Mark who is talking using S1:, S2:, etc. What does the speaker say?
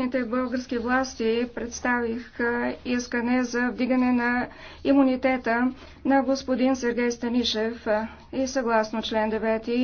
S1: компетентните български власти представиха искане за вдигане на имунитета на господин Сергей Станишев и съгласно член 9